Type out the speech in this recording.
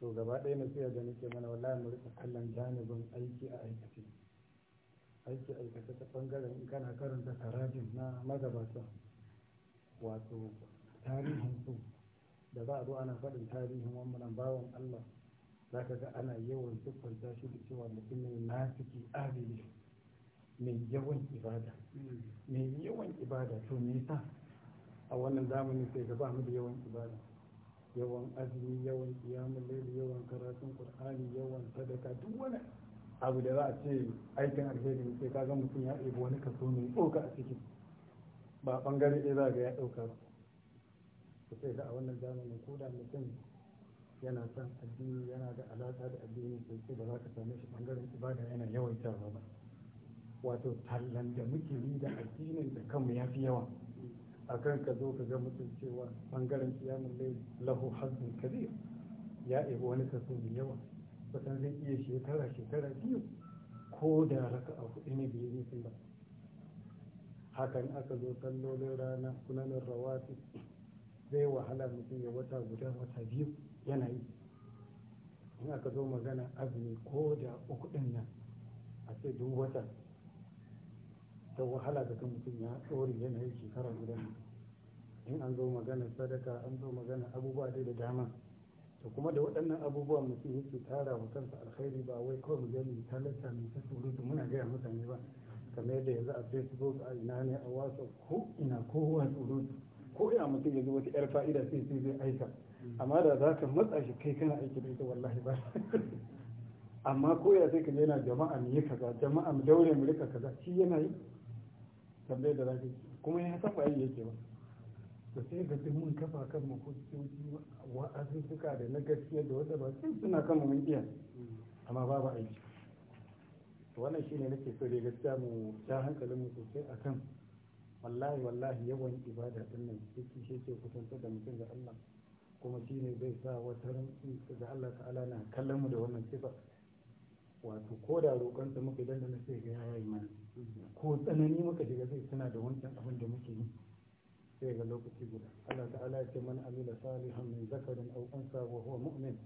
to gaba ɗaya na sai da nake mana wallahi mu rika kallon janibin aiki a aikace aiki aikace ta bangaren in kana karanta tarajin na magabata wato tarihin su da za a zo ana faɗin tarihin wannan bawan Allah za ka ga ana yawan siffanta shi da cewa mutum ne na nafiki adili mai yawan ibada mm. mai yawan ibada to me a wannan zamani sai ga ba mu da yawan ibada yawan azumi yawan kiyamun laili yawan karatun qur'ani yawan sadaka duk wani abu da za a ce aikin alheri sai kaga mutum ya ɗebi wani kaso mai tsoka a cikin ba bangare ɗaya za ga ya ɗauka ba ku sai da a wannan zamanin ko da mutum yana son addini yana da alaƙa da addini ce ba za ka same shi bangaren ibada yana yawaita ba wato tallan da muke yi da addinin da kanmu ya fi yawa akan ka zo ka ga mutum cewa bangaren kiyamun lai lahu hazzun kabir ya ɗebi wani kaso mai yawa kusan zai iya shekara shekara biyu ko da raka a kuɗi ne biyu ne ba hakan aka zo sallolin rana sunanin rawati zai wahala mutum ya wata guda wata biyu yana yi in aka zo magana azumi ko da uku ɗin nan a ce duk wata ta wahala ga kan mutum ya ɗore yana yi shekara guda in an zo magana sadaka an zo magana abubuwa dai da dama to kuma da waɗannan abubuwa mutum yake tara wa kansa alkhairi ba wai kawai mu je mu talata mu ta surutu muna gaya mutane ba kamar yadda yanzu a facebook a ina ne a whatsapp ko ina kowa surutu ko ina mutum ya wata yar fa'ida sai sai zai aika amma da za ka matsa shi kai kana aiki da ita wallahi ba amma ko ya sai ka yana jama'a mu yi kaza jama'a mu daure mu rika kaza shi yana yi kamar da za ka yi kuma ya san yi yake ba da sai ga duk mun kafa kan mu hujjoji asusuka da na gaskiya da wanda ba sai suna kan mun iya amma babu aiki to wannan shine nake so da gaskiya mu ta hankalin mu sosai akan wallahi wallahi yawan ibada din nan shi shi ke kusantar da mutum ga Allah kuma shine zai sa wata rantsi ga Allah ta'ala na kallon mu da wannan sifa wato ko da ta muka idan da na sai ga yayi mana ko tsanani muka shiga sai suna da wancan abin da muke yi سيغلوك تيغولا الله تعالى كمن عمل صالحا من ذكر او انثى وهو مؤمن